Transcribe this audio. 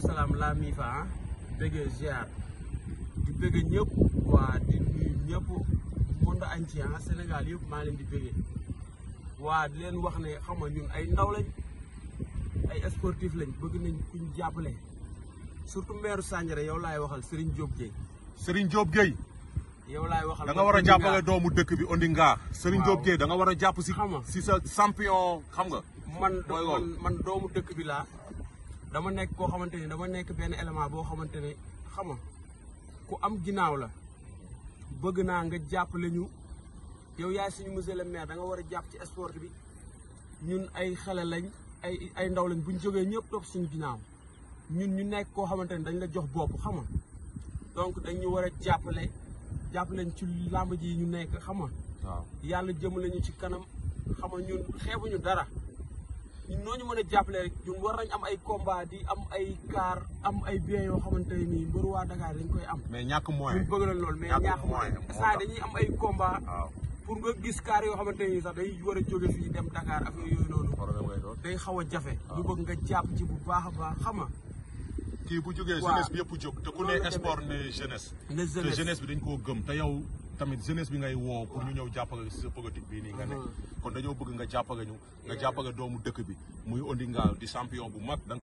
salaam salaam la mi fa ah bëggee ziar di bëgg ñëpp waa di nuyu ñëpp monde entier ah Sénégal yëpp maa leen di bëggee waa leen wax ne xam nga ñun ay ndaw lañ ay sportif lañ bëgg nañ kuñ jàppale surtout maire sànjare yow laay waxal Serigne Diop Gueye. Serigne Diop Gueye. yow laay waxal da nga war a jàppale doomu dëkk bi Ondinga. Serigne Diop Gueye da nga war a jàpp si. xam nga si sa champion xam nga. man man doomu dëkk bi laa. dama nekk koo xamante ni dama nekk benn élément boo xamante ne xam ku am ginnaaw la bëgg naa nga jàppale ñu yow yaay suñu monsieur le maire danga war a jàpp ci sport bi ñun ay xele lañ ay ay ndaw lañ bu ñu jógee ñëpp topp suñu ginnaaw ñun ñu nekk koo xamante ne dañ la jox bopp xam donc dañ war a jàppale jàppaleñ ci làmb ji ñu nekk xam nga waaw yàlla jëmale ñu ci kanam xam nga ñun xeebuñu dara. ñoo ñu mën a jàppale rek ñun war dañ am ay combat di am ay car am ay biens yoo xamante ne nii mbëru waa Dakar dañ koy am. mais ñàkk moyen ñun bëgg lool mais ñàkk moyen. saa dañuy am ay combat. pour nga gis car yoo xamante ne sax day war a jóge fii dem Dakar a yooyu noonu. day xaw a jafe. ñu bëgg nga jàpp ci bu baax a baax xam nga kii bu jógee jeunesse bi yëpp jóg te ku ne sport ne jeunesse. ne jeunesse bi dañ koo gëm te yow. tamit jeunesse bi ngay woo pour ñu ñëw jàppale si sa politique bii nii nga nekk mm-hmm. kon dañoo bëgg nga jàppale ñu nga jàppale doomu dëkk bi muy nga di champion bu mag